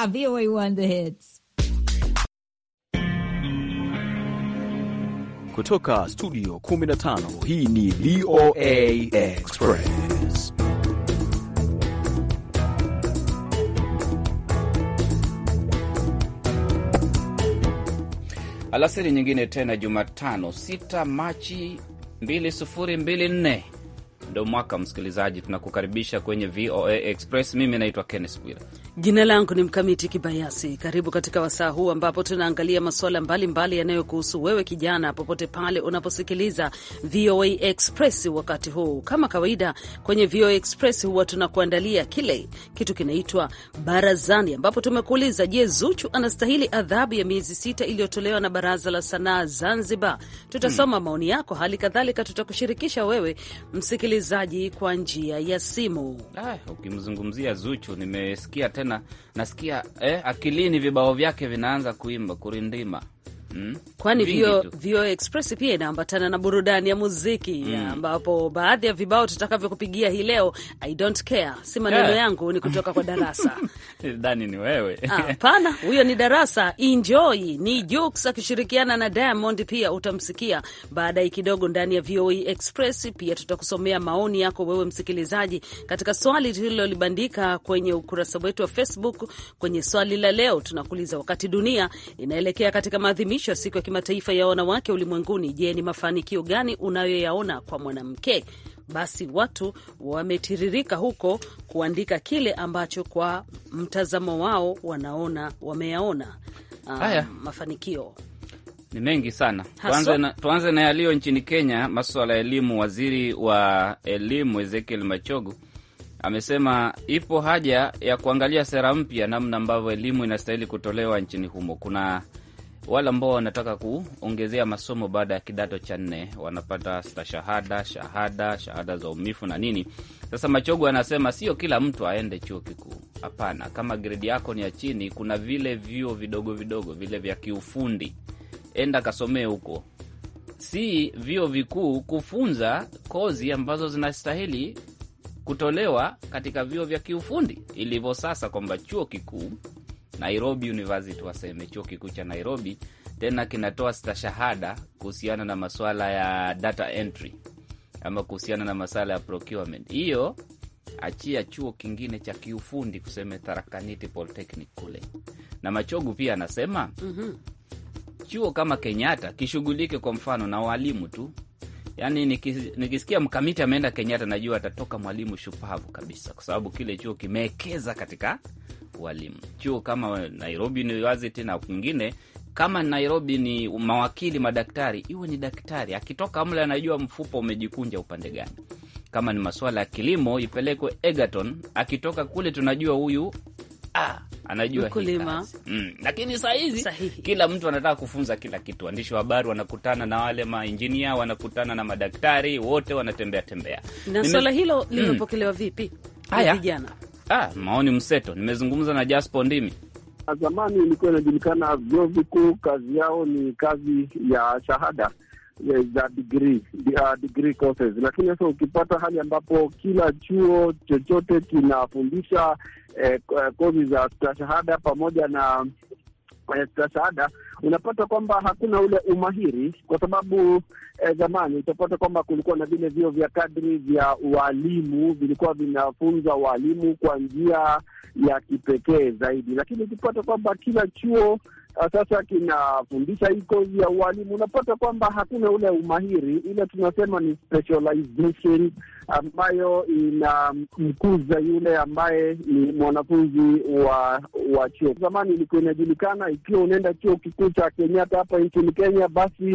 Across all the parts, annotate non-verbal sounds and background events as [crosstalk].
Ah, VOA1 The Hits. Kutoka studio 15 hii ni VOA Express. Alasiri nyingine tena Jumatano 6 Machi 2024 ndo mwaka msikilizaji, tunakukaribisha kwenye VOA Express. Mimi naitwa Kenneth Bwira Jina langu ni Mkamiti Kibayasi. Karibu katika wasaa huu ambapo tunaangalia masuala mbalimbali yanayokuhusu wewe kijana, popote pale unaposikiliza VOA Express. Wakati huu kama kawaida, kwenye VOA Express huwa tunakuandalia kile kitu kinaitwa Barazani, ambapo tumekuuliza, je, Zuchu anastahili adhabu ya miezi sita iliyotolewa na Baraza la Sanaa Zanzibar? Tutasoma hmm, maoni yako. Hali kadhalika tutakushirikisha wewe msikilizaji kwa njia ya simu. Ah, ukimzungumzia Zuchu nimesikia tena nasikia eh, akilini vibao vyake vinaanza kuimba kurindima Mm, kwani Vio, Vio Express pia inaambatana na burudani ya muziki mm, ambapo baadhi ya vibao tutakavyokupigia hii leo I don't care, si maneno yeah, yangu ni kutoka kwa Darasa [laughs] Dani ni wewe hapana, huyo ni Darasa enjoy. Ni Jux akishirikiana na Diamond, pia utamsikia baadaye kidogo ndani ya VOE Express. Pia tutakusomea maoni yako wewe msikilizaji katika swali tulilolibandika kwenye ukurasa wetu wa Facebook. Kwenye swali la leo tunakuuliza, wakati dunia inaelekea katika maadhimisho kuadhimisha siku ya kimataifa ya wanawake ulimwenguni, je, ni mafanikio gani unayoyaona kwa mwanamke? Basi watu wametiririka huko kuandika kile ambacho kwa mtazamo wao wanaona wameyaona um, mafanikio ni mengi sana. Tuanze na yaliyo nchini Kenya, maswala ya elimu. Waziri wa elimu Ezekiel Machogu amesema ipo haja ya kuangalia sera mpya, namna ambavyo elimu inastahili kutolewa nchini humo. Kuna wale ambao wanataka kuongezea masomo baada ya kidato cha nne wanapata stashahada, shahada, shahada za umifu na nini. Sasa Machogo anasema sio kila mtu aende chuo kikuu, hapana. Kama gredi yako ni ya chini, kuna vile vyuo vidogo vidogo vile vya kiufundi, enda kasomee huko, si vyuo vikuu, kufunza kozi ambazo zinastahili kutolewa katika vyuo vya kiufundi ilivyo sasa, kwamba chuo kikuu Nairobi University, waseme chuo kikuu cha Nairobi, tena kinatoa stashahada kuhusiana na maswala ya data entry ama kuhusiana na maswala ya procurement. Hiyo achia chuo kingine cha kiufundi kuseme Tarakaniti Polytechnic kule. Na Machogu pia anasema mm -hmm. chuo kama Kenyatta kishughulike kwa mfano na walimu tu Yaani nikisikia mkamiti ameenda Kenyatta najua atatoka mwalimu shupavu kabisa, kwa sababu kile chuo kimewekeza katika walimu chuo kama Nairobi University na kwingine kama Nairobi ni mawakili, madaktari, iwe ni daktari akitoka mle anajua mfupa umejikunja upande gani. Kama ni masuala ya kilimo ipelekwe Egerton, akitoka kule tunajua huyu ah, anajua kulima mm. Lakini saa hizi kila mtu anataka kufunza kila kitu. Waandishi wa habari wanakutana na wale mainjinia, wanakutana na madaktari, wote wanatembea tembea. Na swala hilo mm. limepokelewa vipi? Haya, vijana Ah, maoni mseto. Nimezungumza na Jaspo Ndimi. Zamani ilikuwa inajulikana vyuo vikuu kazi yao ni kazi ya shahada za degree, degree courses, lakini sasa ukipata hali ambapo kila chuo chochote kinafundisha eh, kozi za stashahada pamoja na stashahada eh, unapata kwamba hakuna ule umahiri, kwa sababu eh, zamani utapata kwamba kulikuwa na vile vio vya kadri vya walimu vilikuwa vinafunza walimu kwa njia ya kipekee zaidi, lakini ukipata kwamba kila chuo Ah, sasa kinafundisha hii kozi ya ualimu, unapata kwamba hakuna ule umahiri, ile tunasema ni specialization ambayo inamkuza yule ambaye ni mwanafunzi wa wa chuo. Zamani ilikuwa inajulikana ikiwa unaenda chuo kikuu cha Kenyatta hapa nchini Kenya, basi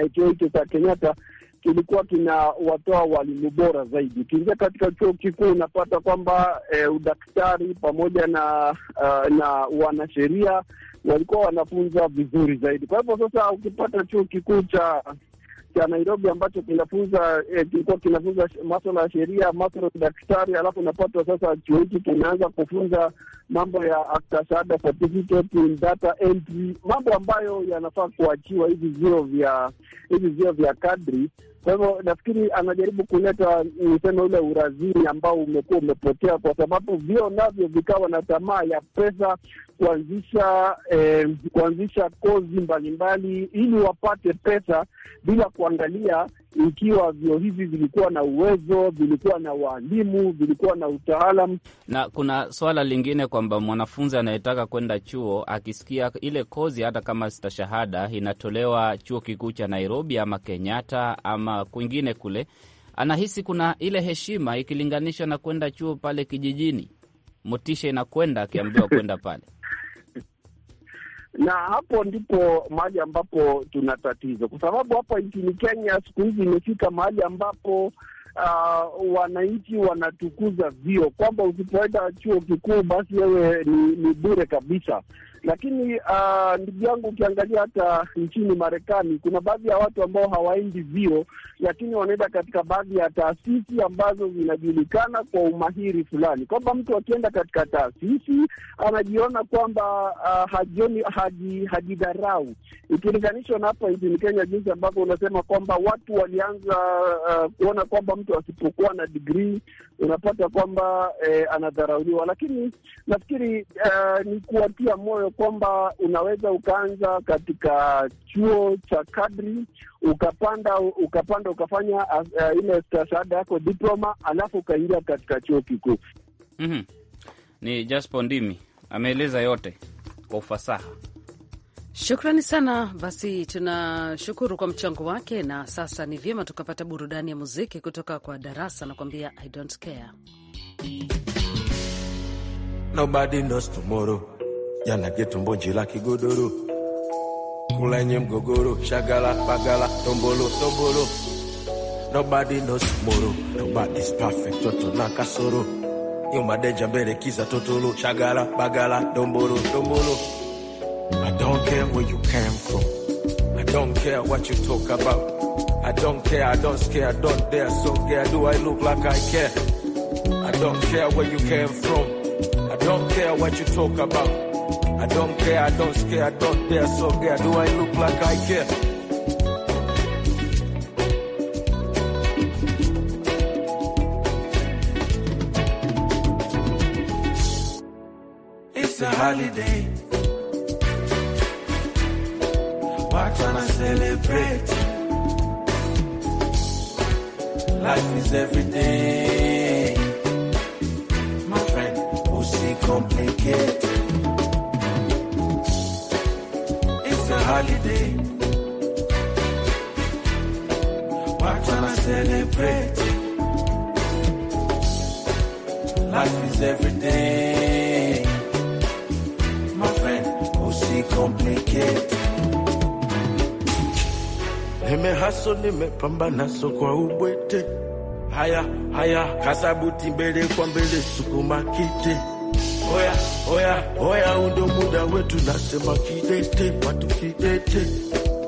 eh, chuo hicho cha Kenyatta kilikuwa kinawatoa walimu bora zaidi. Ukiingia katika chuo kikuu unapata kwamba e, udaktari pamoja na uh, na wanasheria walikuwa wanafunza vizuri zaidi. Kwa hivyo sasa, ukipata chuo kikuu cha cha Nairobi ambacho kinafunza eh, kilikuwa kinafunza maswala ya sheria, maswala ya daktari, alafu unapata sasa chuo hiki kinaanza kufunza mambo ya after shahada certificate data entry, mambo ambayo yanafaa kuachiwa hivi vio vya hivi vio vya kadri kwa hivyo nafikiri anajaribu kuleta niseme ule urazini ambao umekuwa umepotea, kwa sababu vio navyo vikawa na tamaa ya pesa kuanzisha eh, kuanzisha kozi mbalimbali ili wapate pesa bila kuangalia ikiwa vyuo hivi vilikuwa na uwezo, vilikuwa na waalimu, vilikuwa na utaalam. Na kuna swala lingine kwamba mwanafunzi anayetaka kwenda chuo akisikia ile kozi, hata kama stashahada inatolewa chuo kikuu cha Nairobi ama Kenyatta ama kwingine kule, anahisi kuna ile heshima ikilinganisha na kwenda chuo pale kijijini, motisha inakwenda akiambiwa kwenda pale [laughs] na hapo ndipo mahali ambapo tuna tatizo, kwa sababu hapa nchini Kenya siku hizi imefika mahali ambapo uh, wananchi wanatukuza vio kwamba usipoenda chuo kikuu basi wewe ni, ni bure kabisa. Lakini uh, ndugu yangu, ukiangalia hata nchini Marekani kuna baadhi ya watu ambao hawaendi vio, lakini wanaenda katika baadhi ya taasisi ambazo zinajulikana kwa umahiri fulani, kwamba mtu akienda katika taasisi anajiona kwamba uh, hajioni, haji, hajidharau, ikilinganishwa na hapa nchini Kenya, jinsi ambavyo unasema kwamba watu walianza uh, kuona kwamba mtu asipokuwa na digrii unapata kwamba eh, anadharauliwa, lakini nafikiri uh, ni kuwatia moyo kwamba unaweza ukaanza katika chuo cha kadri ukapanda ukapanda ukafanya uh, uh ile stashahada yako diploma, alafu ukaingia katika chuo kikuu. mm -hmm. Ni Jaspo Ndimi ameeleza yote kwa ufasaha. Shukrani sana. Basi tunashukuru kwa mchango wake, na sasa ni vyema tukapata burudani ya muziki kutoka kwa Darasa na kuambia I don't care. Nobody knows tomorrow yana geto mbonjila kigodoro kulenye mgogoro shagala bagala tombolo tombolo nobody knows tomorrow nobody's perfect toto na kasoro iumadeja mbele kiza totolo shagala bagala tombolo tombolo I don't care where you came from I don't care what you talk about I don't care I don't scare I don't dare so care do I look like I care I don't care where you came from I don't care what you talk about I don't care, I don't scare, I don't dare, so care. Do I look like I care? It's a holiday. Why can I celebrate? Life is everyday. My friend, who's complicated? holiday. What can I celebrate? Life is every day. My friend, oh, see, complicate. Nimehasa, nimepambana so kwa ubwete. Haya haya, kasabuti mbele kwa mbele, sukuma kiti. Oya Oya oya, undo muda wetu, nasema kidete, watu kidete,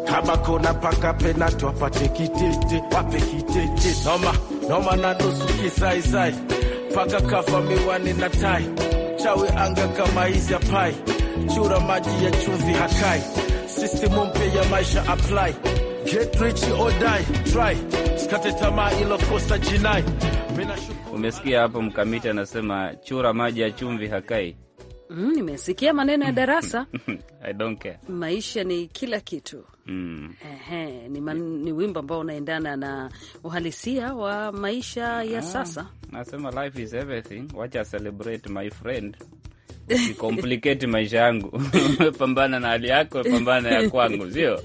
kama kona paka penatu apate kitete, wape kitete, noma noma na kisai kizaizai, paka kafa miwani na tai, chawi anga kama hizi pai. chura maji ya chumvi hakai, sistimu mpya ya maisha apply, get rich or die, try, sikate tamaa, ilo kosa jinai. Umesikia hapo, Mkamiti anasema chura maji ya chumvi hakai Mm, nimesikia maneno ya darasa [laughs] I don't care. Maisha ni kila kitu mm. Ehe, ni, man, ni wimbo ambao unaendana na uhalisia wa maisha ya ah, sasa. Nasema life is everything, wacha celebrate my friend [laughs] maisha yangu [laughs] pambana na hali yako, pambana ya kwangu, sio?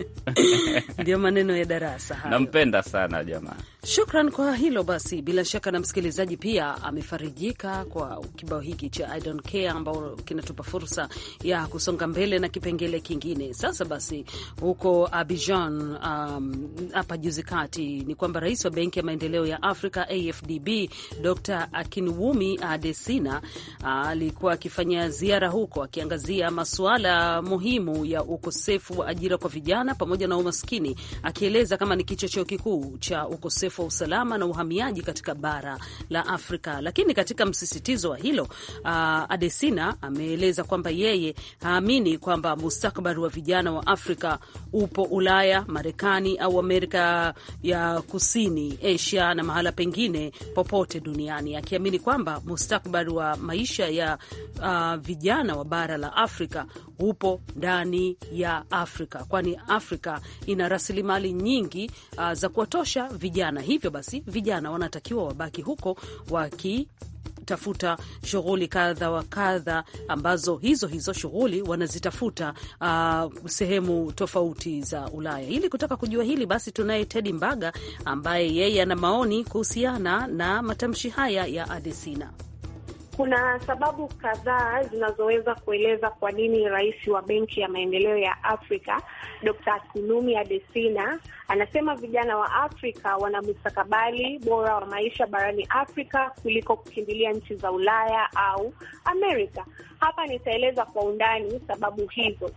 Ndio maneno ya darasa. Nampenda sana jamaa. Shukran kwa hilo. Basi bila shaka na msikilizaji pia amefarijika kwa kibao hiki cha I don't care, ambao kinatupa fursa ya kusonga mbele na kipengele kingine. Sasa basi, huko Abidjan um, hapa um, juzi kati ni kwamba rais wa Benki ya Maendeleo ya Afrika AFDB Dr Akinwumi Adesina alikuwa akifanya ziara huko akiangazia masuala muhimu ya ukosefu wa ajira kwa vijana pamoja na umaskini, akieleza kama ni kichocheo kikuu cha ukosefu ukosefu wa usalama na uhamiaji katika bara la Afrika. Lakini katika msisitizo wa hilo uh, Adesina ameeleza kwamba yeye haamini kwamba mustakabali wa vijana wa Afrika upo Ulaya, Marekani au Amerika ya Kusini, Asia na mahala pengine popote duniani, akiamini kwamba mustakabali wa maisha ya uh, vijana wa bara la Afrika upo ndani ya Afrika, kwani Afrika ina rasilimali nyingi uh, za kuwatosha vijana na hivyo basi vijana wanatakiwa wabaki huko waki tafuta shughuli kadha wa kadha ambazo hizo hizo shughuli wanazitafuta uh, sehemu tofauti za Ulaya. Ili kutaka kujua hili basi, tunaye Tedi Mbaga ambaye yeye ana maoni kuhusiana na matamshi haya ya Adesina. Kuna sababu kadhaa zinazoweza kueleza kwa nini rais wa Benki ya Maendeleo ya Afrika Dr. kunumi Adesina anasema vijana wa Afrika wana mustakabali bora wa maisha barani Afrika kuliko kukimbilia nchi za Ulaya au Amerika. Hapa nitaeleza kwa undani sababu hizo.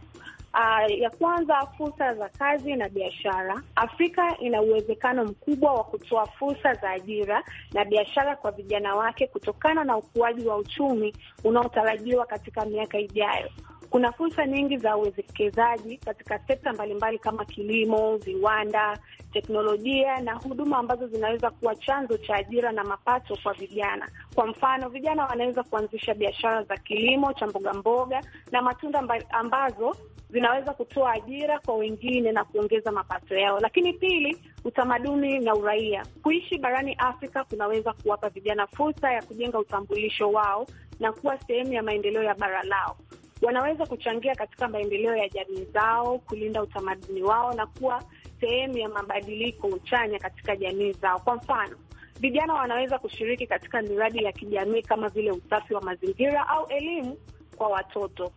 Uh, ya kwanza, fursa za kazi na biashara. Afrika ina uwezekano mkubwa wa kutoa fursa za ajira na biashara kwa vijana wake kutokana na ukuaji wa uchumi unaotarajiwa katika miaka ijayo. Kuna fursa nyingi za uwekezaji katika sekta mbalimbali kama kilimo, viwanda, teknolojia na huduma ambazo zinaweza kuwa chanzo cha ajira na mapato kwa vijana. Kwa mfano, vijana wanaweza kuanzisha biashara za kilimo cha mbogamboga na matunda ambazo zinaweza kutoa ajira kwa wengine na kuongeza mapato yao. Lakini pili, utamaduni na uraia. Kuishi barani Afrika kunaweza kuwapa vijana fursa ya kujenga utambulisho wao na kuwa sehemu ya maendeleo ya bara lao wanaweza kuchangia katika maendeleo ya jamii zao, kulinda utamaduni wao na kuwa sehemu ya mabadiliko chanya katika jamii zao. Kwa mfano, vijana wanaweza kushiriki katika miradi ya kijamii kama vile usafi wa mazingira au elimu kwa watoto.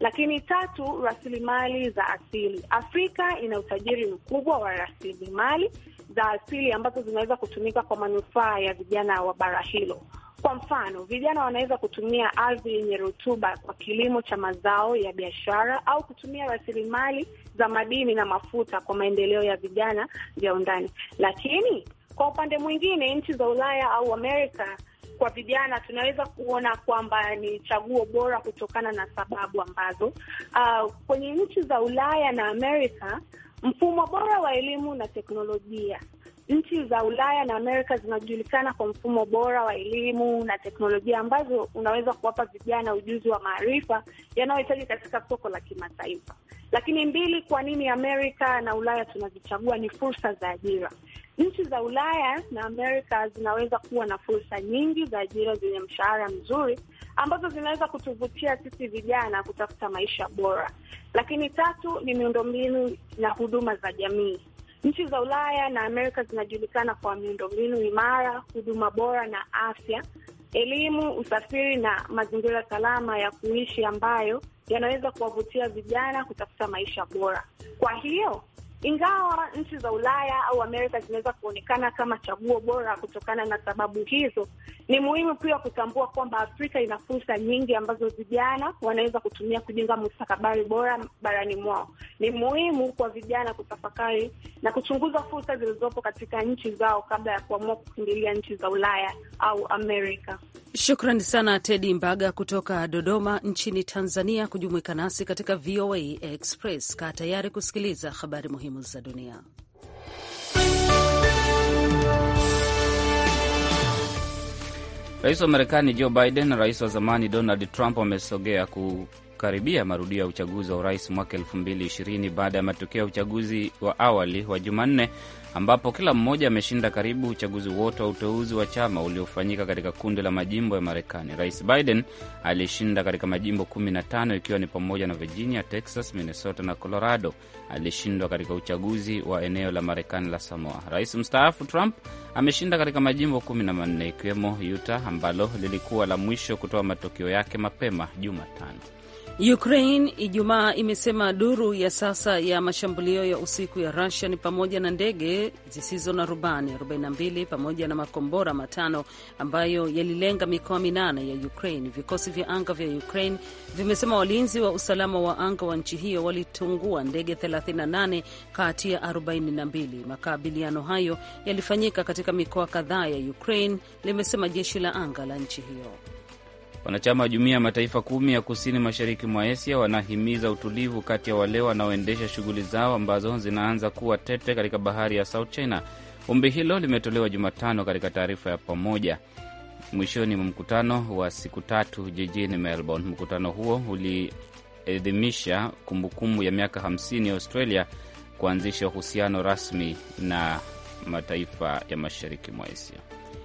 Lakini tatu, rasilimali za asili. Afrika ina utajiri mkubwa wa rasilimali za asili ambazo zinaweza kutumika kwa manufaa ya vijana wa bara hilo. Kwa mfano, vijana wanaweza kutumia ardhi yenye rutuba kwa kilimo cha mazao ya biashara au kutumia rasilimali za madini na mafuta kwa maendeleo ya vijana vya undani. Lakini kwa upande mwingine, nchi za Ulaya au Amerika kwa vijana tunaweza kuona kwamba ni chaguo bora kutokana na sababu ambazo, uh, kwenye nchi za Ulaya na Amerika, mfumo bora wa elimu na teknolojia nchi za Ulaya na Amerika zinajulikana kwa mfumo bora wa elimu na teknolojia ambazo unaweza kuwapa vijana ujuzi wa maarifa yanayohitaji katika soko la kimataifa. Lakini mbili, kwa nini Amerika na Ulaya tunazichagua? Ni fursa za ajira. Nchi za Ulaya na Amerika zinaweza kuwa na fursa nyingi za ajira zenye mshahara mzuri ambazo zinaweza kutuvutia sisi vijana kutafuta maisha bora. Lakini tatu ni miundombinu na huduma za jamii. Nchi za Ulaya na Amerika zinajulikana kwa miundombinu imara, huduma bora na afya, elimu, usafiri na mazingira salama ya kuishi ambayo yanaweza kuwavutia vijana kutafuta maisha bora. Kwa hiyo ingawa nchi za Ulaya au Amerika zinaweza kuonekana kama chaguo bora kutokana na sababu hizo, ni muhimu pia kutambua kwamba Afrika ina fursa nyingi ambazo vijana wanaweza kutumia kujenga mustakabali bora barani mwao. Ni muhimu kwa vijana kutafakari na kuchunguza fursa zilizopo katika nchi zao kabla ya kuamua kukimbilia nchi za Ulaya au Amerika. Shukrani sana Tedi Mbaga kutoka Dodoma nchini Tanzania kujumuika nasi katika VOA Express. Kaa tayari kusikiliza habari muhimu za dunia. Rais wa Marekani Joe Biden na rais wa zamani Donald Trump wamesogea kukaribia marudio ya uchaguzi wa urais mwaka 2020 baada ya matokeo ya uchaguzi wa awali wa Jumanne ambapo kila mmoja ameshinda karibu uchaguzi wote wa uteuzi wa chama uliofanyika katika kundi la majimbo ya Marekani. Rais Biden alishinda katika majimbo 15 ikiwa ni pamoja na Virginia, Texas, Minnesota na Colorado. Alishindwa katika uchaguzi wa eneo la Marekani la Samoa. Rais mstaafu Trump Ameshinda katika majimbo kumi na manne ikiwemo Utah ambalo lilikuwa la mwisho kutoa matokeo yake mapema Jumatano. Ukraine Ijumaa imesema duru ya sasa ya mashambulio ya usiku ya Rusia ni pamoja na ndege zisizo na rubani 42 pamoja na makombora matano ambayo yalilenga mikoa minane ya Ukraine. Vikosi vya anga vya Ukraine vimesema walinzi wa usalama wa anga wa nchi hiyo walitungua ndege 38 kati ya 42. Makabiliano hayo yalifanyika katika katika mikoa kadhaa ya Ukraine, limesema jeshi la anga la nchi hiyo. Wanachama wa jumuiya ya mataifa kumi ya kusini mashariki mwa Asia wanahimiza utulivu kati ya wale wanaoendesha shughuli zao ambazo zinaanza kuwa tete katika bahari ya South China. Ombi hilo limetolewa Jumatano katika taarifa ya pamoja mwishoni mwa mkutano wa siku tatu jijini Melbourne. Mkutano huo uliidhimisha kumbukumbu ya miaka 50 ya Australia kuanzisha uhusiano rasmi na mataifa ya mashariki mwa Asia.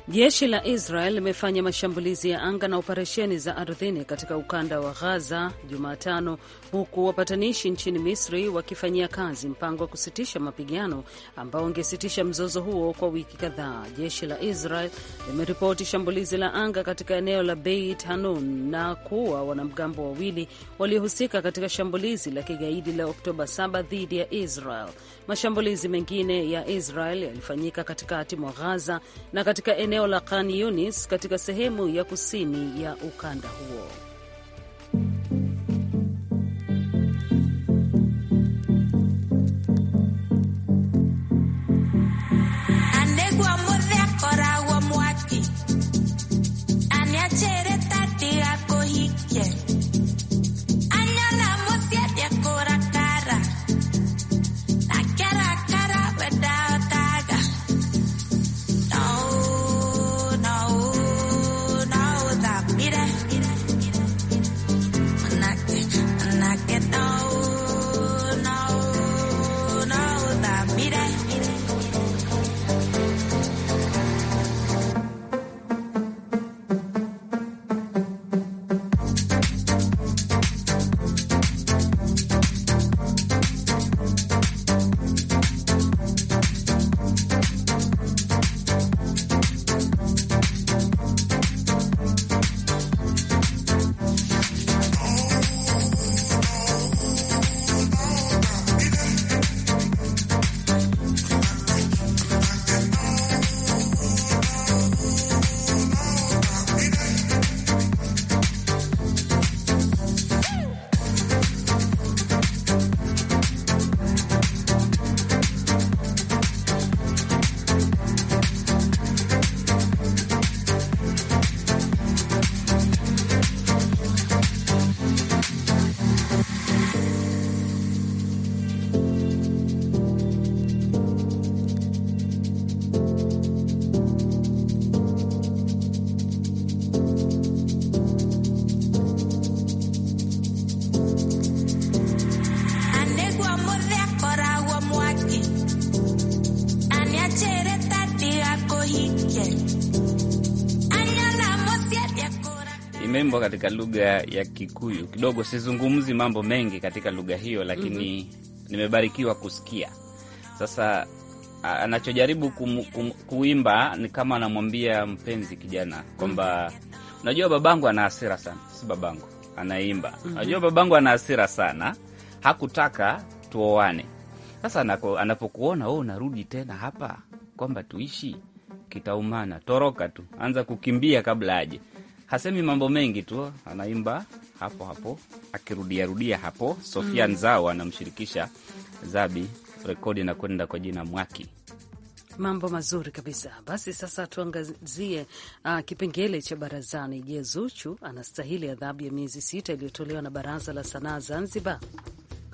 Jeshi la Israel limefanya mashambulizi ya anga na operesheni za ardhini katika ukanda wa Ghaza Jumatano, huku wapatanishi nchini Misri wakifanyia kazi mpango wa kusitisha mapigano ambao ungesitisha mzozo huo kwa wiki kadhaa. Jeshi la Israel limeripoti shambulizi la anga katika eneo la Beit Hanun na kuwa wanamgambo wawili waliohusika katika shambulizi la kigaidi la Oktoba 7 dhidi ya Israel. Mashambulizi mengine ya Israel yalifanyika katikati mwa Ghaza na katika eneo eneo la Khan Yunis katika sehemu ya kusini ya ukanda huo. Ande kwa katika lugha ya Kikuyu kidogo. Sizungumzi mambo mengi katika lugha hiyo, lakini mm -hmm. nimebarikiwa kusikia. Sasa anachojaribu kuimba ni kama anamwambia mpenzi kijana kwamba mhm. unajua, babangu ana hasira sana, si babangu anaimba mm -hmm. babangu ana hasira sana, hakutaka tuoane. Sasa anapokuona wewe oh, unarudi tena hapa kwamba tuishi, kitaumana, toroka tu, anza kukimbia kabla aje hasemi mambo mengi tu, anaimba hapo hapo akirudiarudia hapo. Sofia mm. Nzao anamshirikisha Zabi, rekodi na kwenda kwa jina Mwaki. Mambo mazuri kabisa. Basi sasa tuangazie uh, kipengele cha barazani. Je, Zuchu anastahili adhabu ya miezi sita iliyotolewa na Baraza la Sanaa Zanzibar?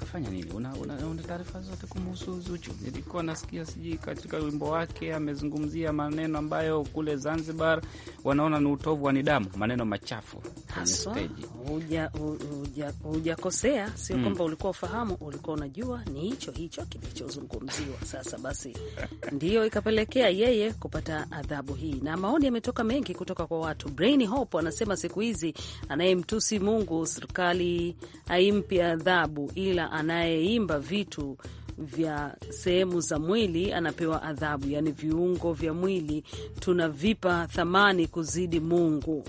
akafanya nini? Una, una, una taarifa zote kumhusu Zuchu? Nilikuwa nasikia sijui katika wimbo wake amezungumzia maneno ambayo kule Zanzibar wanaona ni utovu wa nidhamu, maneno machafu hujakosea. Sio mm. kwamba ulikuwa ufahamu, ulikuwa unajua ni hicho hicho kilichozungumziwa. Sasa basi ndiyo ikapelekea yeye kupata adhabu hii, na maoni yametoka mengi kutoka kwa watu. Brain Hope anasema siku hizi anayemtusi Mungu serikali aimpe adhabu ila anayeimba vitu vya sehemu za mwili anapewa adhabu, yaani viungo vya mwili tunavipa thamani kuzidi Mungu.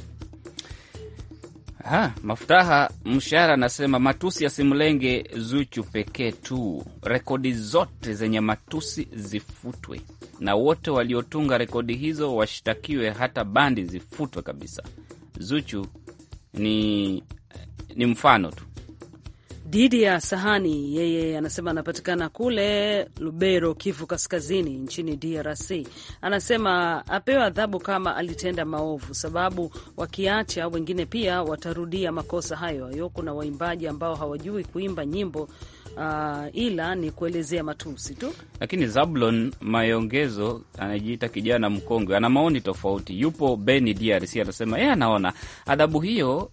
Ha, Mafutaha Mshara anasema matusi yasimlenge Zuchu pekee tu, rekodi zote zenye matusi zifutwe na wote waliotunga rekodi hizo washtakiwe, hata bandi zifutwe kabisa. Zuchu ni, ni mfano tu ya Sahani yeye anasema anapatikana kule Lubero, Kivu Kaskazini, nchini DRC. Anasema apewe adhabu kama alitenda maovu, sababu wakiacha wengine pia watarudia makosa hayo hayo. Kuna waimbaji ambao hawajui kuimba nyimbo Uh, ila ni kuelezea matusi tu. Lakini Zablon Mayongezo anajiita kijana mkongwe, ana maoni tofauti. Yupo Beni, DRC, anasema yeye anaona adhabu hiyo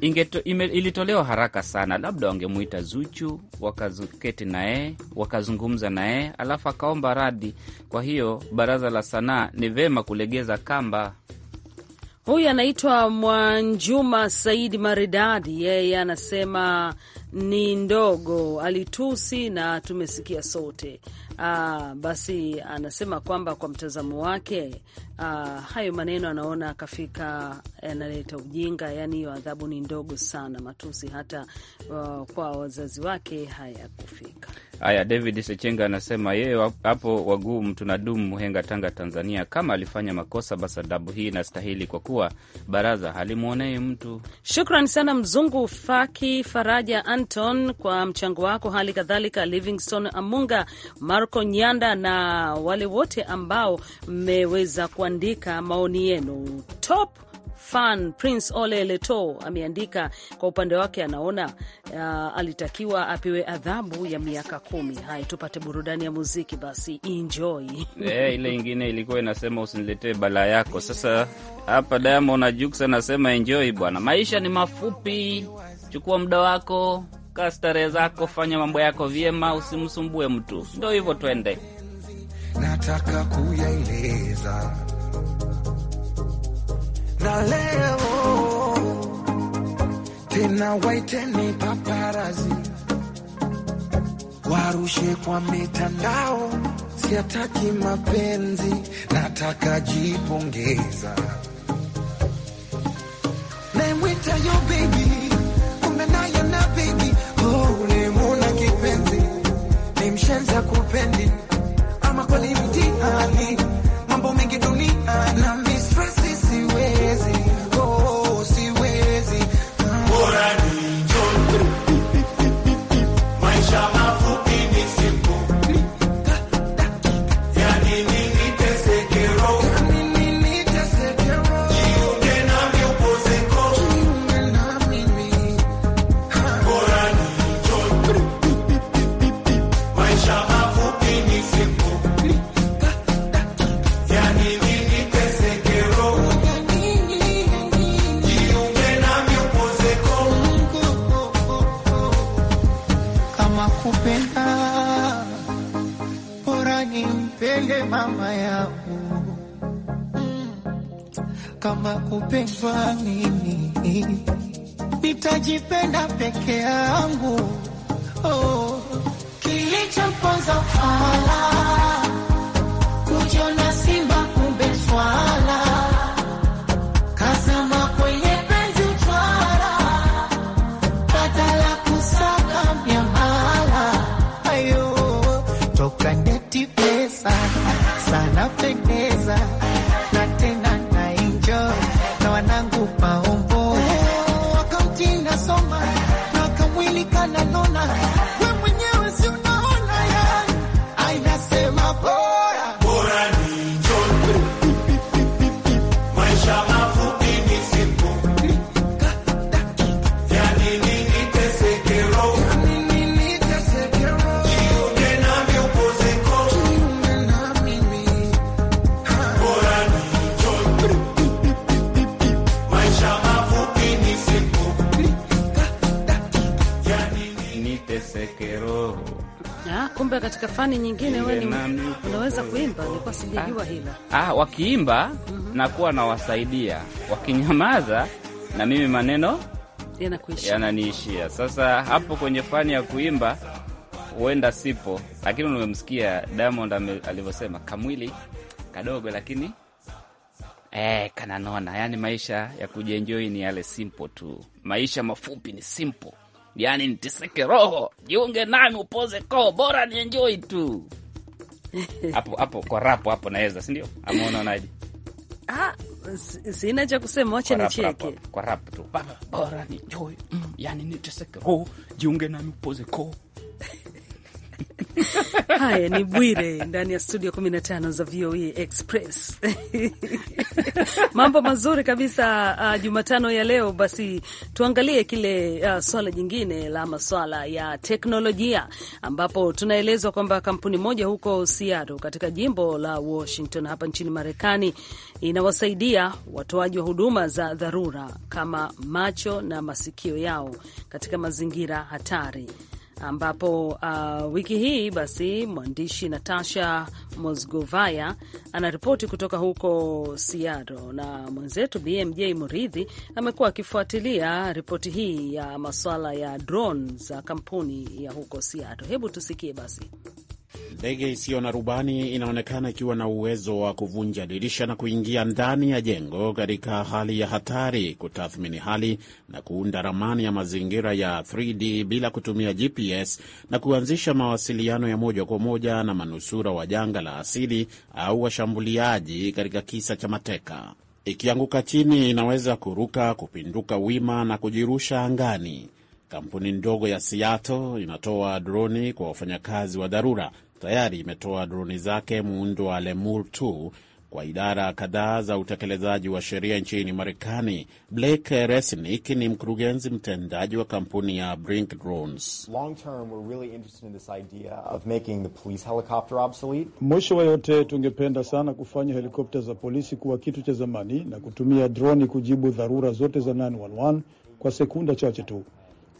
Ingeto, ime, ilitolewa haraka sana, labda wangemwita Zuchu wakaketi naye wakazungumza naye alafu akaomba radhi. Kwa hiyo baraza la sanaa ni vema kulegeza kamba. Huyu anaitwa Mwanjuma saidi Maridadi, yeye anasema ni ndogo alitusi na tumesikia sote. Aa, ah, basi anasema kwamba kwa mtazamo wake aa, ah, hayo maneno anaona akafika yanaleta eh, ujinga, yaani hiyo adhabu ni ndogo sana, matusi hata uh, kwa wazazi wake hayakufika. Haya, David Sechenga anasema yeye hapo wagumu tunadumu Muhenga, Tanga, Tanzania. Kama alifanya makosa, basi adabu hii inastahili kwa kuwa baraza halimwonei mtu. Shukran sana Mzungu Faki Faraja Anton kwa mchango wako, hali kadhalika Livingston Amunga, Marco Nyanda na wale wote ambao mmeweza kuandika maoni yenu top fan Prince Ole Leto ameandika kwa upande wake, anaona uh, alitakiwa apewe adhabu ya miaka kumi. Hai, tupate burudani ya muziki basi, enjoy yeah, [laughs] ile ingine ilikuwa inasema usiniletee balaa yako. Sasa hapa Diamond na Jux anasema enjoy bwana, maisha ni mafupi, chukua muda wako, kaa starehe zako, fanya mambo yako vyema, usimsumbue mtu. Ndo hivyo, twende nataka kuyaeleza na leo tena waiteni paparazi warushe kwa mitandao, siataki mapenzi, nataka jipongeza. Nemwita yo bebi, kumbe naye na bebi oh, nemuna kipenzi, ni mshenza kupendi ama kweli mtihani, mambo mengi dunia kama kupenda, bora nimpende mama yangu kama kupendwa mimi, nitajipenda peke yangu. Oh, kilichopoza fala fani nyingine wewe unaweza kuimba, nilikuwa sijajua ah. hilo. Ah, wakiimba mm -hmm. nakuwa nawasaidia, wakinyamaza na mimi maneno yananiishia. Sasa hapo kwenye fani ya kuimba huenda sipo, lakini umemsikia Diamond alivyosema kamwili kadogo, lakini eh, kananona. Yani maisha ya kujenjoi ni yale simple tu, maisha mafupi ni simple yani niteseke roho, jiunge nami upoze koo, bora ni enjoy tu [laughs] hapo hapo kwa rapo hapo naweza, sindio Ama unaonaje? Ah, sina cha kusema, wacha nicheke kwa rap tu, bora ni enjoy, mm, yani nitisike roho, jiunge nami upoze koo [laughs] [laughs] Haya ni Bwire ndani ya studio 15 za VOA e Express. [laughs] Mambo mazuri kabisa uh, Jumatano ya leo. Basi tuangalie kile uh, swala jingine la maswala ya teknolojia, ambapo tunaelezwa kwamba kampuni moja huko Seattle katika jimbo la Washington hapa nchini Marekani inawasaidia watoaji wa huduma za dharura kama macho na masikio yao katika mazingira hatari ambapo uh, wiki hii basi mwandishi Natasha Mozgovaya anaripoti kutoka huko siaro na mwenzetu BMJ Muridhi amekuwa akifuatilia ripoti hii ya masuala ya drone za kampuni ya huko siaro Hebu tusikie basi. Ndege isiyo na rubani inaonekana ikiwa na uwezo wa kuvunja dirisha na kuingia ndani ya jengo katika hali ya hatari, kutathmini hali na kuunda ramani ya mazingira ya 3D bila kutumia GPS na kuanzisha mawasiliano ya moja kwa moja na manusura wa janga la asili au washambuliaji katika kisa cha mateka. Ikianguka chini, inaweza kuruka, kupinduka wima na kujirusha angani. Kampuni ndogo ya Seattle inatoa droni kwa wafanyakazi wa dharura. Tayari imetoa droni zake muundo wa Lemur 2 kwa idara kadhaa za utekelezaji wa sheria nchini Marekani. Blake Resnick ni mkurugenzi mtendaji wa kampuni ya Brink Drones. Mwisho wa yote, tungependa sana kufanya helikopta za polisi kuwa kitu cha zamani na kutumia droni kujibu dharura zote za 911 kwa sekunda chache tu.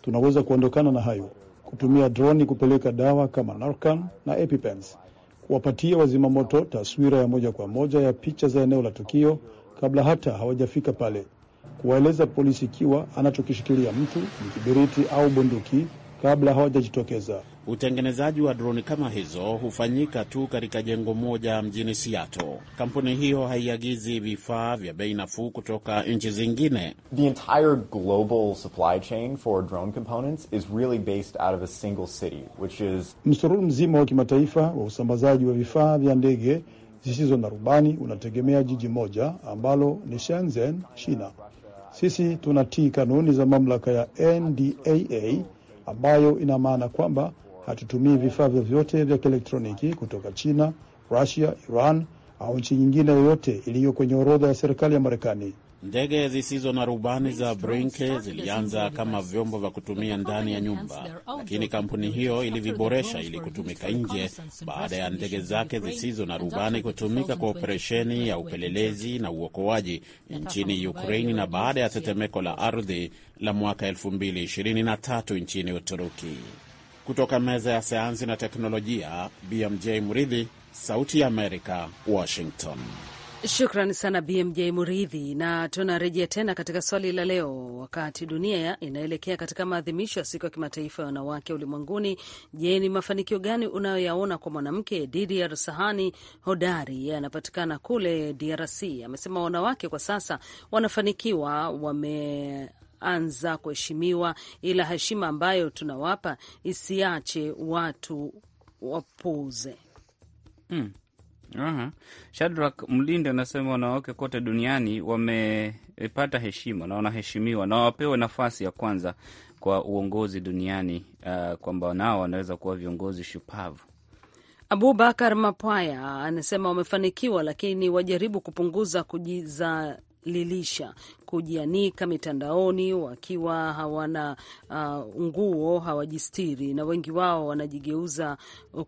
Tunaweza kuondokana na hayo, kutumia droni kupeleka dawa kama Narcan na EpiPens, kuwapatia wazimamoto taswira ya moja kwa moja ya picha za eneo la tukio kabla hata hawajafika pale, kuwaeleza polisi ikiwa anachokishikilia mtu ni kibiriti au bunduki kabla hawajajitokeza. Utengenezaji wa droni kama hizo hufanyika tu katika jengo moja mjini Seattle. Kampuni hiyo haiagizi vifaa vya bei nafuu kutoka nchi zingine. The entire global supply chain for drone components is really based out of a single city, which is... msururu mzima wa kimataifa wa usambazaji wa vifaa vya ndege zisizo na rubani unategemea jiji moja ambalo ni Shenzhen, China. Sisi tunatii kanuni za mamlaka ya NDAA ambayo ina maana kwamba hatutumii vifaa vyovyote vya kielektroniki kutoka China, rasia Iran au nchi nyingine yoyote iliyo kwenye orodha ya serikali ya Marekani. Ndege zisizo na rubani za Brinke zilianza kama vyombo vya kutumia ndani ya nyumba, lakini kampuni hiyo iliviboresha ili kutumika nje baada ya ndege zake zisizo na rubani kutumika kwa operesheni ya upelelezi na uokoaji nchini Ukraini na baada ya tetemeko la ardhi la mwaka 2023 nchini Uturuki. Kutoka meza ya sayansi na teknolojia, BMJ mridhi Sauti ya Amerika, Washington. Shukrani sana BMJ Muridhi, na tunarejea tena katika swali la leo. Wakati dunia inaelekea katika maadhimisho ya siku ya kimataifa ya wanawake ulimwenguni, je, ni mafanikio gani unayoyaona kwa mwanamke? Didier Sahani Hodari anapatikana kule DRC, amesema wanawake kwa sasa wanafanikiwa, wame anza kuheshimiwa, ila heshima ambayo tunawapa isiache watu wapuuze. Mm. Aha. Shadrack Mlinde anasema wanawake kote duniani wamepata heshima na wanaheshimiwa na wapewe nafasi ya kwanza kwa uongozi duniani, uh, kwamba nao wanaweza kuwa viongozi shupavu. Abubakar Mapwaya anasema wamefanikiwa, lakini wajaribu kupunguza kujizalilisha, kujianika mitandaoni wakiwa hawana uh, nguo, hawajistiri na wengi wao wanajigeuza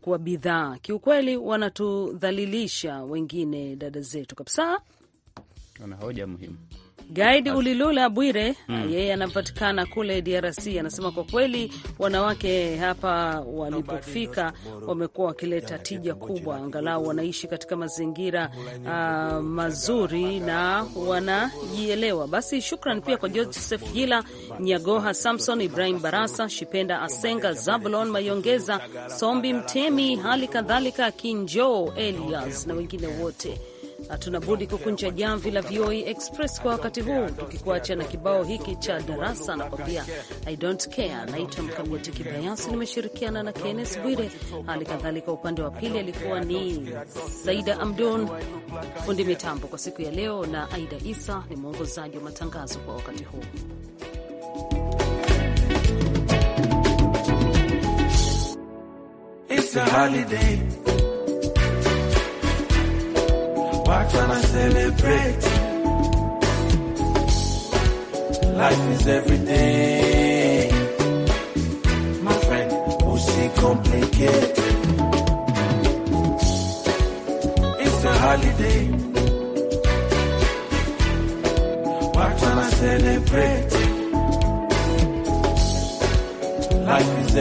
kuwa bidhaa. Kiukweli wanatudhalilisha wengine, dada zetu kabisa. Wana hoja muhimu. Gaidi Ulilula Bwire mm. yeye anapatikana kule DRC, anasema kwa kweli wanawake hapa walipofika wamekuwa wakileta tija kubwa, angalau wanaishi katika mazingira uh, mazuri na wanajielewa. Basi shukran pia kwa Joseph gila Nyagoha, Samson Ibrahim Barasa, Shipenda Asenga, Zabulon Mayongeza, Sombi Mtemi, hali kadhalika kinjo Elias na wengine wote hatuna budi kukunja jamvi la VOA e Express kwa wakati huu, tukikuacha na kibao hiki cha darasa anakwambia I don't care. Naitwa Mkamiti Kibayasi, nimeshirikiana na Kennes Bwire. Hali kadhalika upande wa pili alikuwa ni Saida Amdon, fundi mitambo kwa siku ya leo, na Aida Isa ni mwongozaji wa matangazo kwa wakati huu. It's a holiday. Why can't celebrate? Life is everyday. My friend, pussy complicated. It's a holiday. Why can't celebrate? Life is everyday.